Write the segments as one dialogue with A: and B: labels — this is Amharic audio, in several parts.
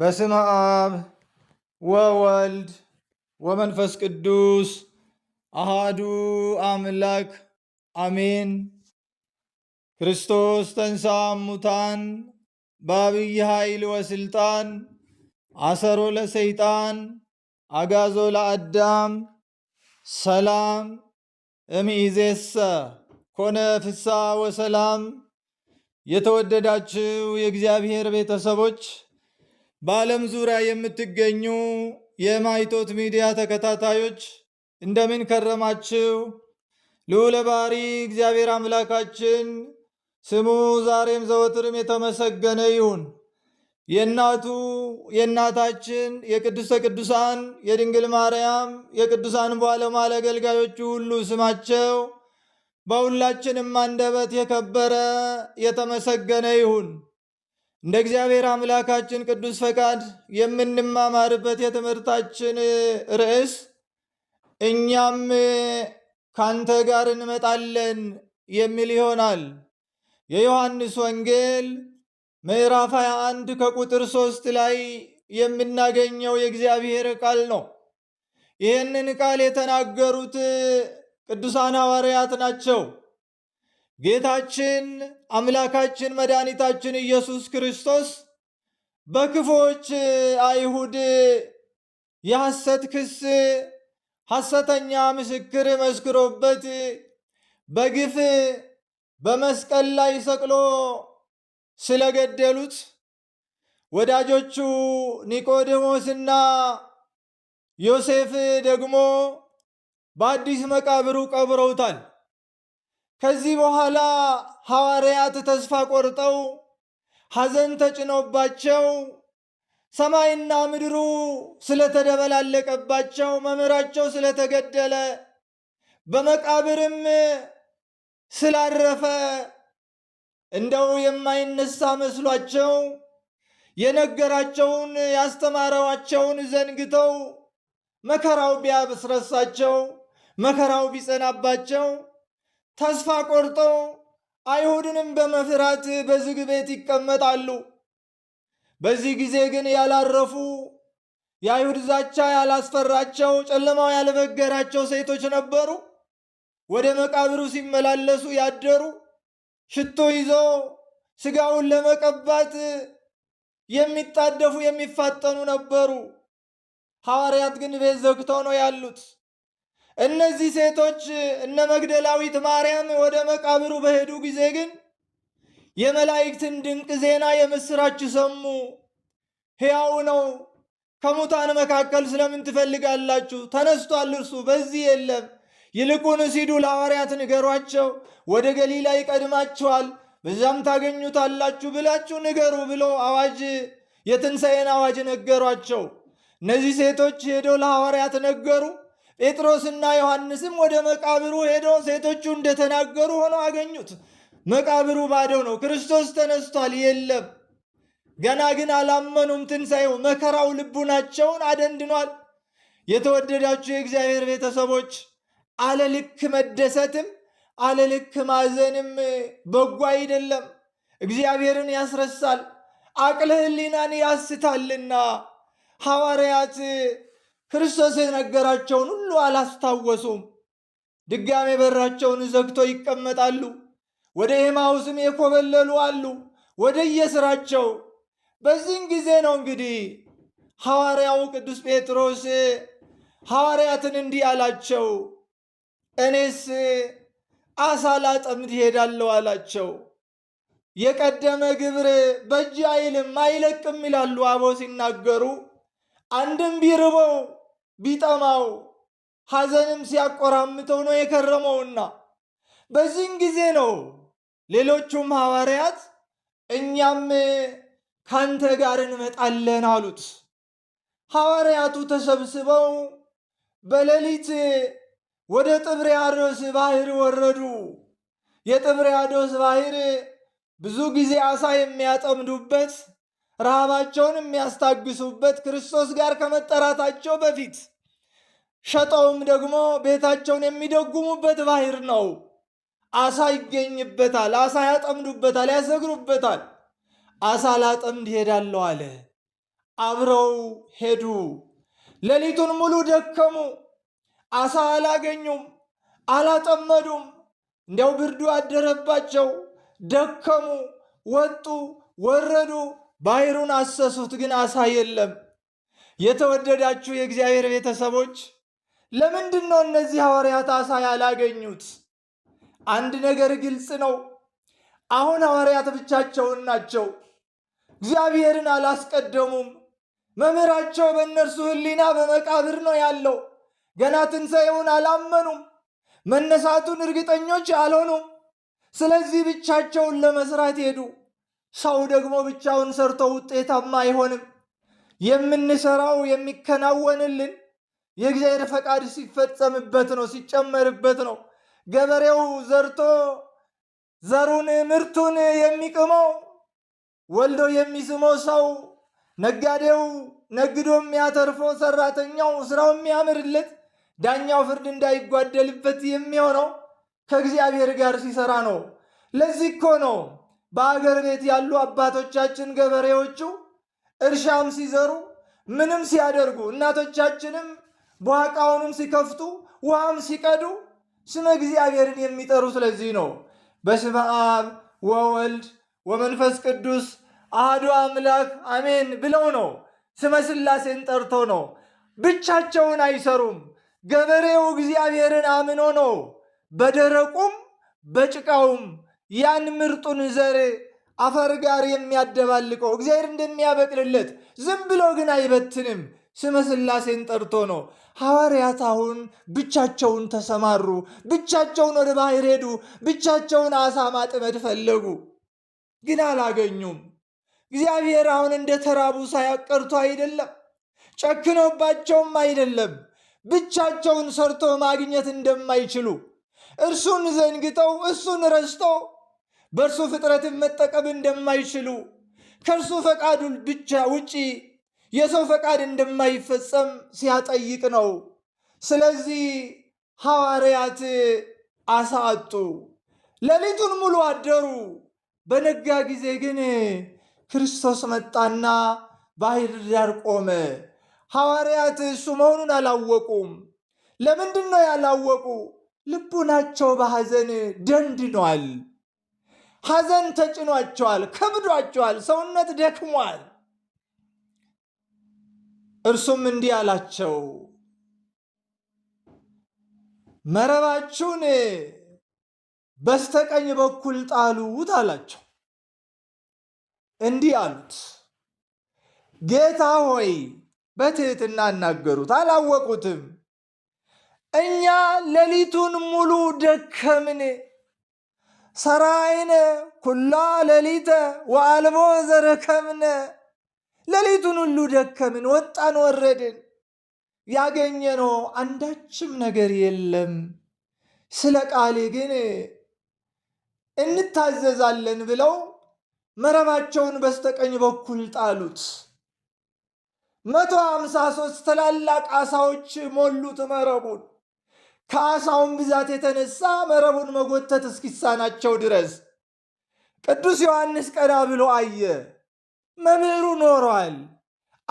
A: በስመ አብ ወወልድ ወመንፈስ ቅዱስ አሃዱ አምላክ አሜን። ክርስቶስ ተንሥአ እሙታን በአብይ ኃይል ወስልጣን አሰሮ ለሰይጣን አጋዞ ለአዳም ሰላም እምይእዜሰ ኮነ ፍስሐ ወሰላም። የተወደዳችሁ የእግዚአብሔር ቤተሰቦች በዓለም ዙሪያ የምትገኙ የማይቶት ሚዲያ ተከታታዮች እንደምን ከረማችሁ? ልዑለ ባህሪ እግዚአብሔር አምላካችን ስሙ ዛሬም ዘወትርም የተመሰገነ ይሁን። የእናቱ የእናታችን የቅድስተ ቅዱሳን የድንግል ማርያም የቅዱሳን በዓለማል አገልጋዮቹ ሁሉ ስማቸው በሁላችንም አንደበት የከበረ የተመሰገነ ይሁን። እንደ እግዚአብሔር አምላካችን ቅዱስ ፈቃድ የምንማማርበት የትምህርታችን ርዕስ እኛም ካንተ ጋር እንመጣለን የሚል ይሆናል። የዮሐንስ ወንጌል ምዕራፍ 21 ከቁጥር ሶስት ላይ የምናገኘው የእግዚአብሔር ቃል ነው። ይህንን ቃል የተናገሩት ቅዱሳን ሐዋርያት ናቸው። ጌታችን አምላካችን መድኃኒታችን ኢየሱስ ክርስቶስ በክፎች አይሁድ የሐሰት ክስ ሐሰተኛ ምስክር መስክሮበት በግፍ በመስቀል ላይ ሰቅሎ ስለገደሉት ወዳጆቹ ኒቆዲሞስና ዮሴፍ ደግሞ በአዲስ መቃብሩ ቀብረውታል። ከዚህ በኋላ ሐዋርያት ተስፋ ቆርጠው ሐዘን ተጭኖባቸው ሰማይና ምድሩ ስለተደበላለቀባቸው መምህራቸው ስለተገደለ በመቃብርም ስላረፈ እንደው የማይነሳ መስሏቸው የነገራቸውን ያስተማረዋቸውን ዘንግተው መከራው ቢያስረሳቸው መከራው ቢጸናባቸው ተስፋ ቆርጠው አይሁድንም በመፍራት በዝግ ቤት ይቀመጣሉ። በዚህ ጊዜ ግን ያላረፉ የአይሁድ ዛቻ ያላስፈራቸው ጨለማው ያልበገራቸው ሴቶች ነበሩ። ወደ መቃብሩ ሲመላለሱ ያደሩ ሽቶ ይዘው ስጋውን ለመቀባት የሚጣደፉ የሚፋጠኑ ነበሩ። ሐዋርያት ግን ቤት ዘግተው ነው ያሉት። እነዚህ ሴቶች እነ መግደላዊት ማርያም ወደ መቃብሩ በሄዱ ጊዜ ግን የመላእክትን ድንቅ ዜና የምስራች ሰሙ። ሕያው ነው፣ ከሙታን መካከል ስለምን ትፈልጋላችሁ? ተነስቷል እርሱ፣ በዚህ የለም። ይልቁን ሲዱ ለሐዋርያት ንገሯቸው፣ ወደ ገሊላ ይቀድማችኋል፣ በዛም ታገኙታላችሁ ብላችሁ ንገሩ ብሎ አዋጅ የትንሣኤን አዋጅ ነገሯቸው። እነዚህ ሴቶች ሄደው ለሐዋርያት ነገሩ። ጴጥሮስና ዮሐንስም ወደ መቃብሩ ሄደው ሴቶቹ እንደተናገሩ ሆነው አገኙት። መቃብሩ ባዶ ነው፣ ክርስቶስ ተነስቷል፣ የለም። ገና ግን አላመኑም። ትንሣኤው መከራው ልቡናቸውን አደንድኗል። የተወደዳችሁ የእግዚአብሔር ቤተሰቦች አለልክ መደሰትም አለልክ ማዘንም በጎ አይደለም፣ እግዚአብሔርን ያስረሳል፣ አቅለ ሕሊናን ያስታልና ሐዋርያት ክርስቶስ የነገራቸውን ሁሉ አላስታወሱም። ድጋሜ በራቸውን ዘግቶ ይቀመጣሉ። ወደ ኤማውስም የኮበለሉ አሉ፣ ወደ የስራቸው። በዚህን ጊዜ ነው እንግዲህ ሐዋርያው ቅዱስ ጴጥሮስ ሐዋርያትን እንዲህ አላቸው፣ እኔስ አሳ ላጠምድ እሄዳለሁ አላቸው። የቀደመ ግብር በእጅ አይልም አይለቅም ይላሉ አበው ሲናገሩ አንድም ቢርበው ቢጠማው ሐዘንም ሲያቆራምተው ነው የከረመውና በዚህን ጊዜ ነው ሌሎቹም ሐዋርያት እኛም ካንተ ጋር እንመጣለን አሉት። ሐዋርያቱ ተሰብስበው በሌሊት ወደ ጥብርያዶስ ባህር ወረዱ። የጥብርያዶስ ባህር ብዙ ጊዜ አሳ የሚያጠምዱበት ረሃባቸውን የሚያስታግሱበት ክርስቶስ ጋር ከመጠራታቸው በፊት ሸጠውም ደግሞ ቤታቸውን የሚደጉሙበት ባህር ነው። አሳ ይገኝበታል። አሳ ያጠምዱበታል፣ ያሰግሩበታል። አሳ ላጠምድ ሄዳለሁ አለ። አብረው ሄዱ። ሌሊቱን ሙሉ ደከሙ። አሳ አላገኙም፣ አላጠመዱም። እንዲያው ብርዱ አደረባቸው። ደከሙ፣ ወጡ፣ ወረዱ። ባህሩን አሰሱት፣ ግን አሳ የለም። የተወደዳችሁ የእግዚአብሔር ቤተሰቦች ለምንድን ነው እነዚህ ሐዋርያት አሳ ያላገኙት? አንድ ነገር ግልጽ ነው። አሁን ሐዋርያት ብቻቸውን ናቸው። እግዚአብሔርን አላስቀደሙም። መምህራቸው በእነርሱ ሕሊና በመቃብር ነው ያለው። ገና ትንሣኤውን አላመኑም። መነሳቱን እርግጠኞች አልሆኑም። ስለዚህ ብቻቸውን ለመስራት ሄዱ። ሰው ደግሞ ብቻውን ሰርቶ ውጤታማ አይሆንም። የምንሰራው የሚከናወንልን የእግዚአብሔር ፈቃድ ሲፈጸምበት ነው፣ ሲጨመርበት ነው። ገበሬው ዘርቶ ዘሩን ምርቱን የሚቅመው ወልዶ የሚስመው ሰው፣ ነጋዴው ነግዶ የሚያተርፈው፣ ሰራተኛው ስራው የሚያምርለት፣ ዳኛው ፍርድ እንዳይጓደልበት የሚሆነው ከእግዚአብሔር ጋር ሲሰራ ነው። ለዚህ እኮ ነው በአገር ቤት ያሉ አባቶቻችን ገበሬዎቹ እርሻም ሲዘሩ ምንም ሲያደርጉ እናቶቻችንም በዋቃውንም ሲከፍቱ ውሃም ሲቀዱ ስመ እግዚአብሔርን የሚጠሩ ስለዚህ ነው። በስመ አብ ወወልድ ወመንፈስ ቅዱስ አህዶ አምላክ አሜን ብለው ነው። ስመ ስላሴን ጠርቶ ነው። ብቻቸውን አይሰሩም። ገበሬው እግዚአብሔርን አምኖ ነው። በደረቁም በጭቃውም ያን ምርጡን ዘር አፈር ጋር የሚያደባልቀው እግዚአብሔር እንደሚያበቅልለት ዝም ብሎ ግን አይበትንም። ስመ ሥላሴን ጠርቶ ነው። ሐዋርያት አሁን ብቻቸውን ተሰማሩ። ብቻቸውን ወደ ባህር ሄዱ። ብቻቸውን አሳ ማጥመድ ፈለጉ፣ ግን አላገኙም። እግዚአብሔር አሁን እንደ ተራቡ ሳያቀርቶ አይደለም፣ ጨክኖባቸውም አይደለም። ብቻቸውን ሰርቶ ማግኘት እንደማይችሉ እርሱን ዘንግጠው እሱን ረስተው በእርሱ ፍጥረትን መጠቀም እንደማይችሉ ከእርሱ ፈቃዱ ብቻ ውጪ የሰው ፈቃድ እንደማይፈጸም ሲያጠይቅ ነው። ስለዚህ ሐዋርያት አሳ አጡ። ሌሊቱን ሙሉ አደሩ። በነጋ ጊዜ ግን ክርስቶስ መጣና ባህር ዳር ቆመ። ሐዋርያት እሱ መሆኑን አላወቁም። ለምንድን ነው ያላወቁ? ልቡናቸው በሐዘን ደንድኗል። ሐዘን ተጭኗቸዋል፣ ከብዷቸዋል፣ ሰውነት ደክሟል። እርሱም እንዲህ አላቸው፣ መረባችሁን በስተቀኝ በኩል ጣሉት አላቸው። እንዲህ አሉት፣ ጌታ ሆይ በትሕትና እናገሩት፣ አላወቁትም። እኛ ሌሊቱን ሙሉ ደከምን ሰራይነ ኩላ ሌሊተ ወአልቦ ዘረከምነ ሌሊቱን ሁሉ ደከምን፣ ወጣን፣ ወረድን፣ ያገኘነው አንዳችም ነገር የለም። ስለ ቃሌ ግን እንታዘዛለን ብለው መረባቸውን በስተቀኝ በኩል ጣሉት። መቶ አምሳ ሶስት ትላላቅ አሳዎች ሞሉት መረቡን። ከአሳውን ብዛት የተነሳ መረቡን መጎተት እስኪሳናቸው ድረስ ቅዱስ ዮሐንስ ቀና ብሎ አየ። መምህሩ ኖሯል፣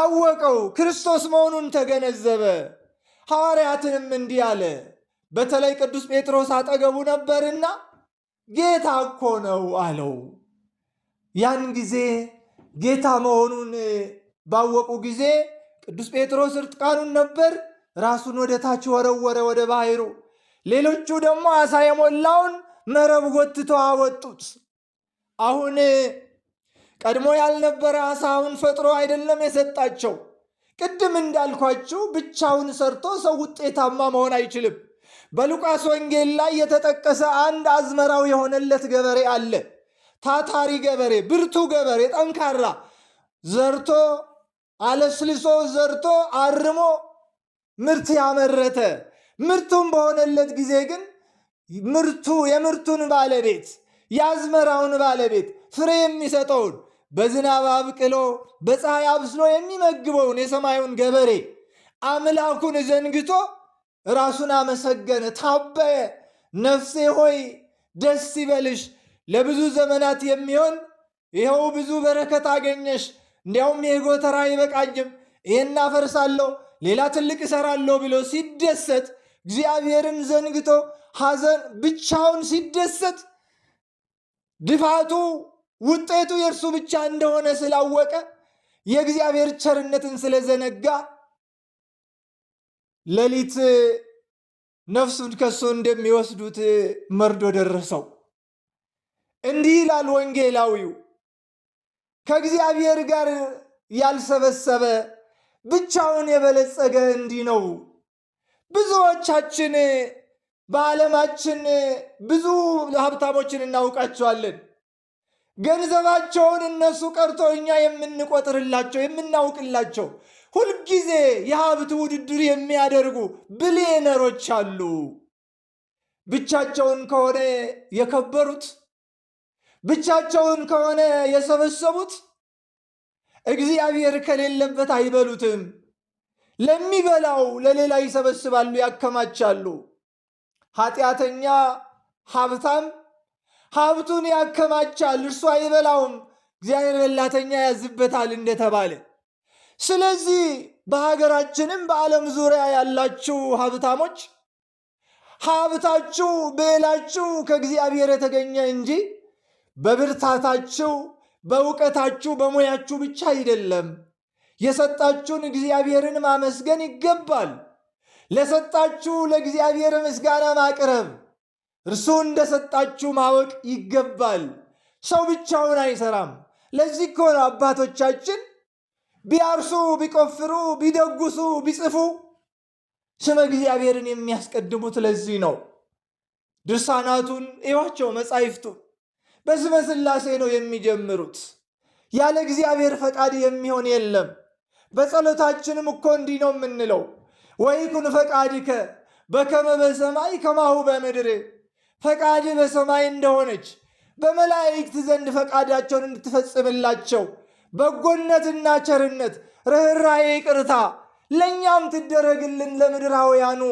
A: አወቀው፣ ክርስቶስ መሆኑን ተገነዘበ። ሐዋርያትንም እንዲህ አለ። በተለይ ቅዱስ ጴጥሮስ አጠገቡ ነበርና ጌታ እኮ ነው አለው። ያን ጊዜ ጌታ መሆኑን ባወቁ ጊዜ ቅዱስ ጴጥሮስ እርጥቃኑን ነበር። ራሱን ወደ ታች ወረወረ ወደ ባህሩ። ሌሎቹ ደግሞ አሳ የሞላውን መረብ ጎትቶ አወጡት። አሁን ቀድሞ ያልነበረ አሳውን ፈጥሮ አይደለም የሰጣቸው። ቅድም እንዳልኳችሁ ብቻውን ሰርቶ ሰው ውጤታማ መሆን አይችልም። በሉቃስ ወንጌል ላይ የተጠቀሰ አንድ አዝመራው የሆነለት ገበሬ አለ። ታታሪ ገበሬ፣ ብርቱ ገበሬ፣ ጠንካራ ዘርቶ አለስልሶ ዘርቶ አርሞ ምርት ያመረተ ምርቱን በሆነለት ጊዜ ግን ምርቱ የምርቱን ባለቤት የአዝመራውን ባለቤት ፍሬ የሚሰጠውን በዝናብ አብቅሎ በፀሐይ አብስሎ የሚመግበውን የሰማዩን ገበሬ አምላኩን ዘንግቶ ራሱን አመሰገነ፣ ታበየ። ነፍሴ ሆይ ደስ ይበልሽ፣ ለብዙ ዘመናት የሚሆን ይኸው ብዙ በረከት አገኘሽ። እንዲያውም ይህ ጎተራ አይበቃኝም፣ ይህን አፈርሳለሁ ሌላ ትልቅ እሰራለሁ ብሎ ሲደሰት እግዚአብሔርን ዘንግቶ ሐዘን ብቻውን ሲደሰት ድፋቱ ውጤቱ የእርሱ ብቻ እንደሆነ ስላወቀ የእግዚአብሔር ቸርነትን ስለዘነጋ ሌሊት ነፍሱን ከሱ እንደሚወስዱት መርዶ ደረሰው። እንዲህ ይላል ወንጌላዊው ከእግዚአብሔር ጋር ያልሰበሰበ ብቻውን የበለጸገ እንዲህ ነው። ብዙዎቻችን በዓለማችን ብዙ ሀብታሞችን እናውቃቸዋለን። ገንዘባቸውን እነሱ ቀርቶ እኛ የምንቆጥርላቸው የምናውቅላቸው፣ ሁልጊዜ የሀብት ውድድር የሚያደርጉ ብሊየነሮች አሉ። ብቻቸውን ከሆነ የከበሩት፣ ብቻቸውን ከሆነ የሰበሰቡት እግዚአብሔር ከሌለበት አይበሉትም። ለሚበላው ለሌላ ይሰበስባሉ፣ ያከማቻሉ። ኃጢአተኛ ሀብታም ሀብቱን ያከማቻል፣ እርሱ አይበላውም። እግዚአብሔር በላተኛ ያዝበታል እንደተባለ ስለዚህ በሀገራችንም በዓለም ዙሪያ ያላችሁ ሀብታሞች ሀብታችሁ ብዕላችሁ ከእግዚአብሔር የተገኘ እንጂ በብርታታችሁ በእውቀታችሁ በሙያችሁ ብቻ አይደለም። የሰጣችሁን እግዚአብሔርን ማመስገን ይገባል። ለሰጣችሁ ለእግዚአብሔር ምስጋና ማቅረብ፣ እርሱ እንደሰጣችሁ ማወቅ ይገባል። ሰው ብቻውን አይሰራም። ለዚህ እኮ ነው አባቶቻችን ቢያርሱ፣ ቢቆፍሩ፣ ቢደጉሱ፣ ቢጽፉ ስመ እግዚአብሔርን የሚያስቀድሙት ለዚህ ነው። ድርሳናቱን እዩዋቸው፣ መጻሕፍቱን በስመ ሥላሴ ነው የሚጀምሩት። ያለ እግዚአብሔር ፈቃድ የሚሆን የለም። በጸሎታችንም እኮ እንዲህ ነው የምንለው፣ ወይኩን ፈቃድከ በከመ በሰማይ ከማሁ በምድር። ፈቃድ በሰማይ እንደሆነች በመላእክት ዘንድ ፈቃዳቸውን እንድትፈጽምላቸው በጎነትና ቸርነት፣ ርኅራዬ፣ ይቅርታ ለእኛም ትደረግልን ለምድራውያኑ፣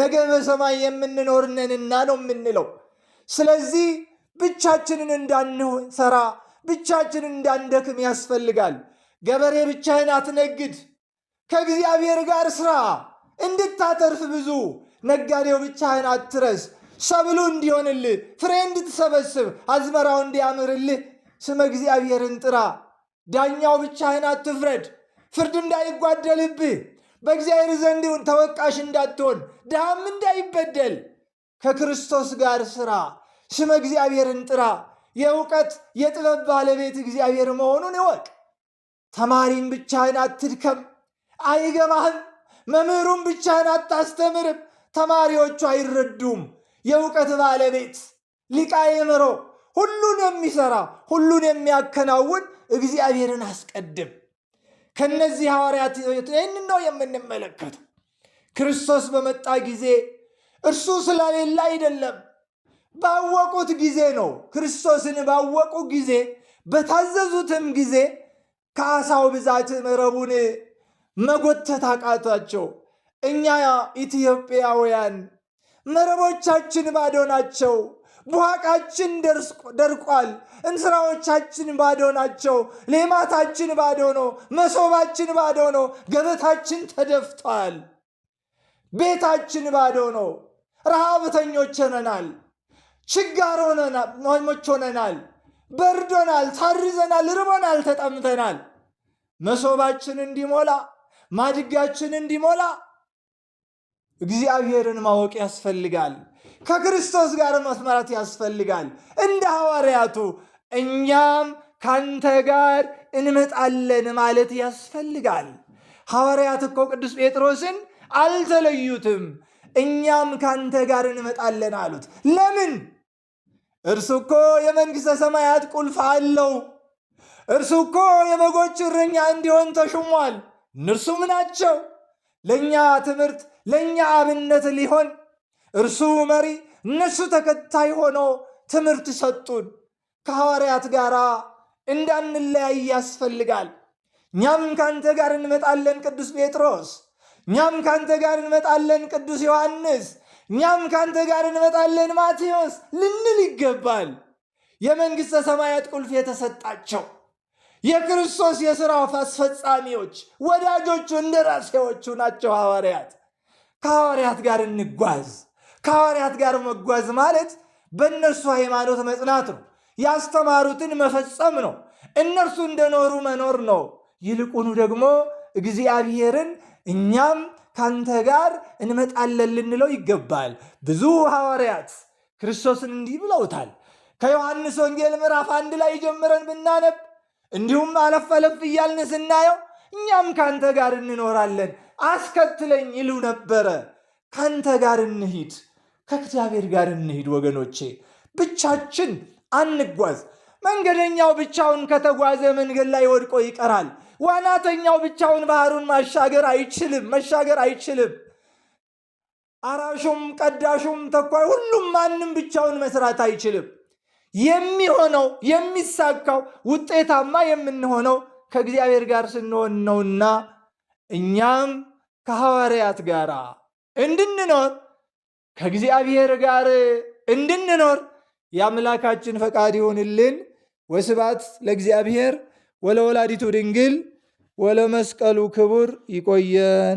A: ነገ በሰማይ የምንኖርነንና ነው የምንለው። ስለዚህ ብቻችንን እንዳንሰራ ብቻችንን እንዳንደክም ያስፈልጋል። ገበሬ ብቻህን አትነግድ፣ ከእግዚአብሔር ጋር ስራ እንድታተርፍ ብዙ። ነጋዴው ብቻህን አትረስ፣ ሰብሉ እንዲሆንልህ፣ ፍሬ እንድትሰበስብ፣ አዝመራው እንዲያምርልህ ስመ እግዚአብሔርን ጥራ። ዳኛው ብቻህን አትፍረድ፣ ፍርድ እንዳይጓደልብህ፣ በእግዚአብሔር ዘንድ ተወቃሽ እንዳትሆን፣ ድሃም እንዳይበደል ከክርስቶስ ጋር ስራ። ስመ እግዚአብሔርን ጥራ። የእውቀት የጥበብ ባለቤት እግዚአብሔር መሆኑን እወቅ። ተማሪም ብቻህን አትድከም፣ አይገባህም። መምህሩን ብቻህን አታስተምርም፣ ተማሪዎቹ አይረዱም። የእውቀት ባለቤት ሊቃየምሮ ሁሉን የሚሰራ ሁሉን የሚያከናውን እግዚአብሔርን አስቀድም። ከነዚህ ሐዋርያት ይህን ነው የምንመለከተው። ክርስቶስ በመጣ ጊዜ እርሱ ስለሌለ አይደለም ባወቁት ጊዜ ነው። ክርስቶስን ባወቁ ጊዜ በታዘዙትም ጊዜ ከአሳው ብዛት መረቡን መጎተት አቃታቸው። እኛ ኢትዮጵያውያን መረቦቻችን ባዶ ናቸው። ቡሃቃችን ደርቋል። እንስራዎቻችን ባዶ ናቸው። ሌማታችን ባዶ ነው። መሶባችን ባዶ ነው። ገበታችን ተደፍቷል። ቤታችን ባዶ ነው። ረሃብተኞች ሆነናል። ችጋር ሆነናልሞች ሆነናል፣ በርዶናል፣ ታርዘናል፣ ርቦናል፣ ተጠምተናል። መሶባችን እንዲሞላ ማድጋችን እንዲሞላ እግዚአብሔርን ማወቅ ያስፈልጋል። ከክርስቶስ ጋር መስመራት ያስፈልጋል። እንደ ሐዋርያቱ እኛም ካንተ ጋር እንመጣለን ማለት ያስፈልጋል። ሐዋርያት እኮ ቅዱስ ጴጥሮስን አልተለዩትም። እኛም ካንተ ጋር እንመጣለን አሉት። ለምን? እርሱ እኮ የመንግሥተ ሰማያት ቁልፍ አለው። እርሱ እኮ የበጎች እረኛ እንዲሆን ተሹሟል። እነርሱ ምናቸው! ለእኛ ትምህርት፣ ለእኛ አብነት ሊሆን እርሱ መሪ፣ እነሱ ተከታይ ሆኖ ትምህርት ሰጡን። ከሐዋርያት ጋር እንዳንለያይ ያስፈልጋል። እኛም ካንተ ጋር እንመጣለን ቅዱስ ጴጥሮስ፣ እኛም ካንተ ጋር እንመጣለን ቅዱስ ዮሐንስ እኛም ከአንተ ጋር እንመጣለን ማቴዎስ ልንል ይገባል። የመንግሥተ ሰማያት ቁልፍ የተሰጣቸው የክርስቶስ የሥራ አስፈጻሚዎች፣ ወዳጆቹ፣ ራሴዎቹ ናቸው ሐዋርያት። ከሐዋርያት ጋር እንጓዝ። ከሐዋርያት ጋር መጓዝ ማለት በእነርሱ ሃይማኖት መጽናት ነው። ያስተማሩትን መፈጸም ነው። እነርሱ እንደኖሩ መኖር ነው። ይልቁኑ ደግሞ እግዚአብሔርን እኛም ካንተ ጋር እንመጣለን ልንለው ይገባል። ብዙ ሐዋርያት ክርስቶስን እንዲህ ብለውታል። ከዮሐንስ ወንጌል ምዕራፍ አንድ ላይ ጀምረን ብናነብ እንዲሁም አለፍ አለፍ እያልን ስናየው እኛም ካንተ ጋር እንኖራለን አስከትለኝ ይሉ ነበረ። ካንተ ጋር እንሂድ፣ ከእግዚአብሔር ጋር እንሂድ። ወገኖቼ ብቻችን አንጓዝ። መንገደኛው ብቻውን ከተጓዘ መንገድ ላይ ወድቆ ይቀራል። ዋናተኛው ብቻውን ባህሩን ማሻገር አይችልም፣ መሻገር አይችልም። አራሹም፣ ቀዳሹም፣ ተኳይ ሁሉም ማንም ብቻውን መስራት አይችልም። የሚሆነው የሚሳካው ውጤታማ የምንሆነው ከእግዚአብሔር ጋር ስንሆን ነውና እኛም ከሐዋርያት ጋር እንድንኖር ከእግዚአብሔር ጋር እንድንኖር የአምላካችን ፈቃድ ይሆንልን። ወስባት ለእግዚአብሔር። ወለወላዲቱ ድንግል ወለመስቀሉ ክቡር ይቆየን።